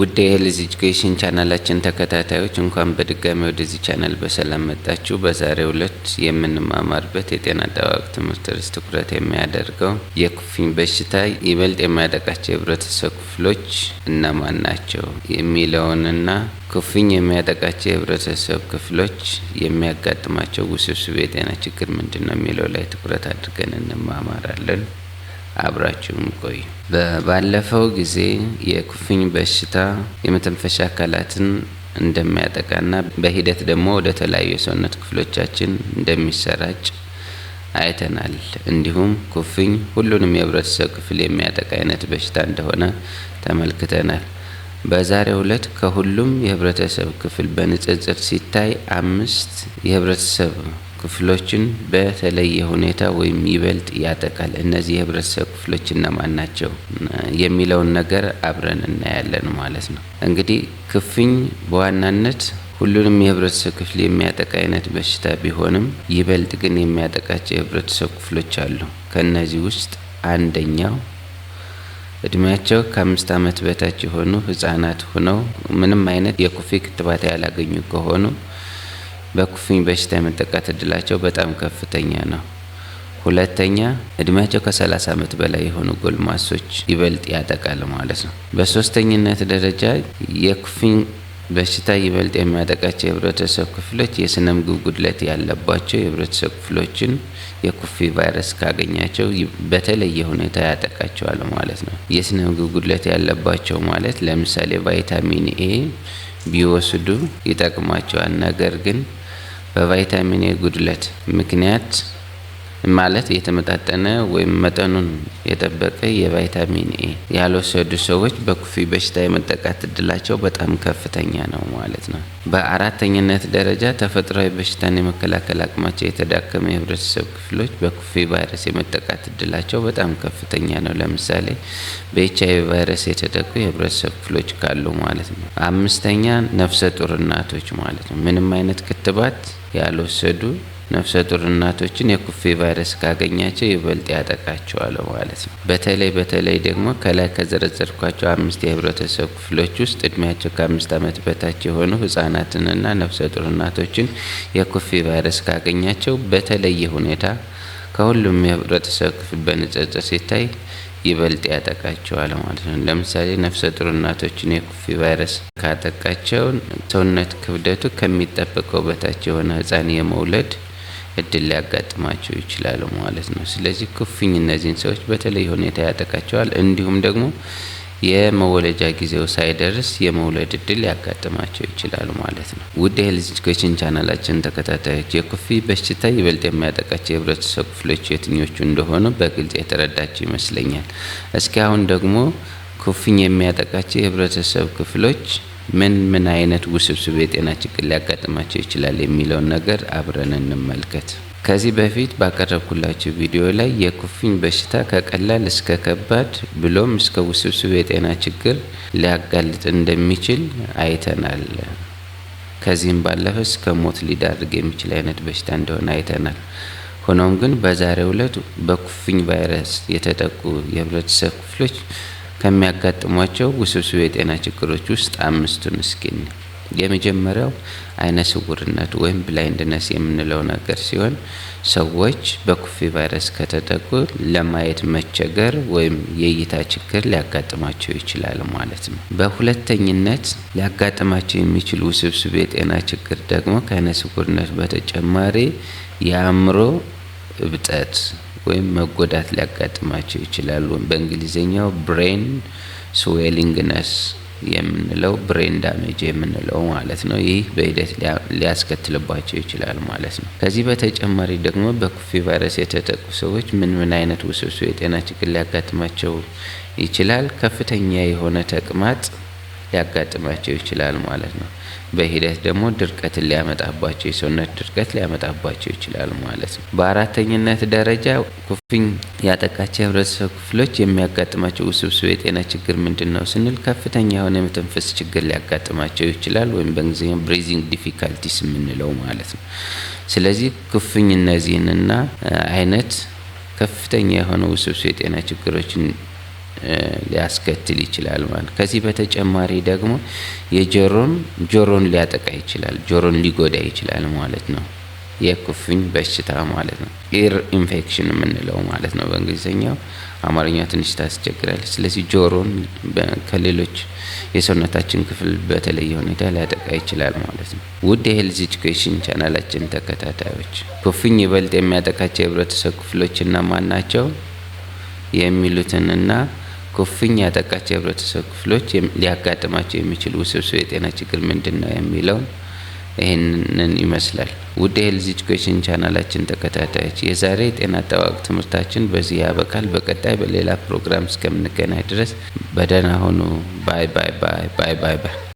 ውድ የሄልዝ ኤጁኬሽን ቻናላችን ተከታታዮች እንኳን በድጋሚ ወደዚህ ቻናል በሰላም መጣችሁ። በዛሬው ዕለት የምንማማርበት የጤና አጠባበቅ ትምህርት ርዕስ ትኩረት የሚያደርገው የኩፍኝ በሽታ ይበልጥ የሚያጠቃቸው የህብረተሰብ ክፍሎች እነማን ናቸው የሚለውንና ኩፍኝ የሚያጠቃቸው የህብረተሰብ ክፍሎች የሚያጋጥማቸው ውስብስብ የጤና ችግር ምንድን ነው የሚለው ላይ ትኩረት አድርገን እንማማራለን። አብራችሁም ቆዩ። ባለፈው ጊዜ የኩፍኝ በሽታ የመተንፈሻ አካላትን እንደሚያጠቃና በሂደት ደግሞ ወደ ተለያዩ የሰውነት ክፍሎቻችን እንደሚሰራጭ አይተናል። እንዲሁም ኩፍኝ ሁሉንም የህብረተሰብ ክፍል የሚያጠቃ አይነት በሽታ እንደሆነ ተመልክተናል። በዛሬው ዕለት ከሁሉም የህብረተሰብ ክፍል በንጽጽር ሲታይ አምስት የህብረተሰብ ክፍሎችን በተለየ ሁኔታ ወይም ይበልጥ ያጠቃል። እነዚህ የህብረተሰብ ክፍሎች እነማን ናቸው የሚለውን ነገር አብረን እናያለን ማለት ነው። እንግዲህ ክፍኝ በዋናነት ሁሉንም የህብረተሰብ ክፍል የሚያጠቃ አይነት በሽታ ቢሆንም ይበልጥ ግን የሚያጠቃቸው የህብረተሰብ ክፍሎች አሉ። ከእነዚህ ውስጥ አንደኛው እድሜያቸው ከአምስት ዓመት በታች የሆኑ ህጻናት ሆነው ምንም አይነት የኩፍኝ ክትባት ያላገኙ ከሆኑ በኩፍኝ በሽታ የመጠቃት እድላቸው በጣም ከፍተኛ ነው። ሁለተኛ እድሜያቸው ከ30 ዓመት በላይ የሆኑ ጎልማሶች ይበልጥ ያጠቃል ማለት ነው። በሶስተኝነት ደረጃ የኩፍኝ በሽታ ይበልጥ የሚያጠቃቸው የህብረተሰብ ክፍሎች የስነ ምግብ ጉድለት ያለባቸው የህብረተሰብ ክፍሎችን የኩፍኝ ቫይረስ ካገኛቸው በተለየ ሁኔታ ያጠቃቸዋል ማለት ነው። የስነ ምግብ ጉድለት ያለባቸው ማለት ለምሳሌ ቫይታሚን ኤ ቢወስዱ ይጠቅማቸዋል። ነገር ግን በቫይታሚን ጉድለት ምክንያት ማለት የተመጣጠነ ወይም መጠኑን የጠበቀ የቫይታሚን ኤ ያልወሰዱ ሰዎች በኩፊ በሽታ የመጠቃት እድላቸው በጣም ከፍተኛ ነው ማለት ነው። በአራተኝነት ደረጃ ተፈጥሯዊ በሽታን የመከላከል አቅማቸው የተዳከመ የህብረተሰብ ክፍሎች በኩፊ ቫይረስ የመጠቃት እድላቸው በጣም ከፍተኛ ነው። ለምሳሌ በኤች አይ ቪ ቫይረስ የተጠቁ የህብረተሰብ ክፍሎች ካሉ ማለት ነው። አምስተኛ ነፍሰ ጡር እናቶች ማለት ነው። ምንም አይነት ክትባት ያልወሰዱ ነፍሰ ጡር እናቶችን የኩፌ ቫይረስ ካገኛቸው ይበልጥ ያጠቃቸዋል ማለት ነው። በተለይ በተለይ ደግሞ ከላይ ከዘረዘርኳቸው አምስት የህብረተሰብ ክፍሎች ውስጥ እድሜያቸው ከአምስት ዓመት በታች የሆኑ ህጻናትንና ነፍሰ ጡር እናቶችን የኩፌ ቫይረስ ካገኛቸው በተለየ ሁኔታ ከሁሉም የህብረተሰብ ክፍል በንጽጽር ሲታይ ይበልጥ ያጠቃቸዋል ማለት ነው። ለምሳሌ ነፍሰ ጡር እናቶችን የኩፊ ቫይረስ ካጠቃቸው ሰውነት ክብደቱ ከሚጠበቀው በታች የሆነ ህፃን የመውለድ እድል ሊያጋጥማቸው ይችላሉ ማለት ነው። ስለዚህ ኩፍኝ እነዚህን ሰዎች በተለይ ሁኔታ ያጠቃቸዋል። እንዲሁም ደግሞ የመወለጃ ጊዜው ሳይደርስ የመውለድ እድል ሊያጋጥማቸው ይችላሉ ማለት ነው። ውድ ሄልዝ ቻናላችን ተከታታዮች የኩፍኝ በሽታ ይበልጥ የሚያጠቃቸው የህብረተሰብ ክፍሎች የትኞቹ እንደሆኑ በግልጽ የተረዳቸው ይመስለኛል። እስኪ አሁን ደግሞ ኩፍኝ የሚያጠቃቸው የህብረተሰብ ክፍሎች ምን ምን አይነት ውስብስብ የጤና ችግር ሊያጋጥማቸው ይችላል የሚለውን ነገር አብረን እንመልከት። ከዚህ በፊት ባቀረብኩላችሁ ቪዲዮ ላይ የኩፍኝ በሽታ ከቀላል እስከ ከባድ ብሎም እስከ ውስብስብ የጤና ችግር ሊያጋልጥ እንደሚችል አይተናል። ከዚህም ባለፈ እስከ ሞት ሊዳርግ የሚችል አይነት በሽታ እንደሆነ አይተናል። ሆኖም ግን በዛሬው ዕለት በኩፍኝ ቫይረስ የተጠቁ የህብረተሰብ ክፍሎች ከሚያጋጥሟቸው ውስብስብ የጤና ችግሮች ውስጥ አምስቱ ምስኪን የመጀመሪያው አይነ ስውርነት ወይም ብላይንድነስ የምንለው ነገር ሲሆን ሰዎች በኩፊ ቫይረስ ከተጠቁ ለማየት መቸገር ወይም የእይታ ችግር ሊያጋጥማቸው ይችላል ማለት ነው። በሁለተኝነት ሊያጋጥማቸው የሚችል ውስብስብ የጤና ችግር ደግሞ ከአይነ ስውርነት በተጨማሪ የአእምሮ እብጠት ወይም መጎዳት ሊያጋጥማቸው ይችላሉ። በእንግሊዝኛው ብሬን ስዌሊንግነስ የምንለው ብሬን ዳሜጅ የምንለው ማለት ነው። ይህ በሂደት ሊያስከትልባቸው ይችላል ማለት ነው። ከዚህ በተጨማሪ ደግሞ በኩፊ ቫይረስ የተጠቁ ሰዎች ምን ምን አይነት ውስብስብ የጤና ችግር ሊያጋጥማቸው ይችላል? ከፍተኛ የሆነ ተቅማጥ ሊያጋጥማቸው ይችላል ማለት ነው። በሂደት ደግሞ ድርቀትን ሊያመጣባቸው የሰውነት ድርቀት ሊያመጣባቸው ይችላል ማለት ነው። በአራተኝነት ደረጃ ኩፍኝ ያጠቃቸው የህብረተሰብ ክፍሎች የሚያጋጥማቸው ውስብስብ የጤና ችግር ምንድን ነው ስንል ከፍተኛ የሆነ የመተንፈስ ችግር ሊያጋጥማቸው ይችላል ወይም በእንግሊዝኛ ብሬዚንግ ዲፊካልቲስ የምንለው ማለት ነው። ስለዚህ ኩፍኝ እነዚህንና አይነት ከፍተኛ የሆነ ውስብስብ የጤና ችግሮችን ሊያስከትል ይችላል ማለት ከዚህ በተጨማሪ ደግሞ የጆሮን ጆሮን ሊያጠቃ ይችላል፣ ጆሮን ሊጎዳ ይችላል ማለት ነው። የኩፍኝ በሽታ ማለት ነው። ኤር ኢንፌክሽን የምንለው ማለት ነው በእንግሊዝኛው። አማርኛ ትንሽ ታስቸግራለች። ስለዚህ ጆሮን ከሌሎች የሰውነታችን ክፍል በተለየ ሁኔታ ሊያጠቃ ይችላል ማለት ነው። ውድ የሄልዝ ኤጁኬሽን ቻናላችን ተከታታዮች ኩፍኝ ይበልጥ የሚያጠቃቸው የህብረተሰብ ክፍሎችና ማን ናቸው የሚሉትንና ኩፍኝ ያጠቃቸው የህብረተሰብ ክፍሎች ሊያጋጥማቸው የሚችል ውስብስብ የጤና ችግር ምንድን ነው የሚለውን ይህንን ይመስላል። ውድ ሄልዝ ኤጁኬሽን ቻናላችን ተከታታዮች የዛሬ የጤና አጠባበቅ ትምህርታችን በዚህ ያበቃል። በቀጣይ በሌላ ፕሮግራም እስከምንገናኝ ድረስ በደህና ሁኑ። ባይ ባይ ባይ ባይ ባይ ባይ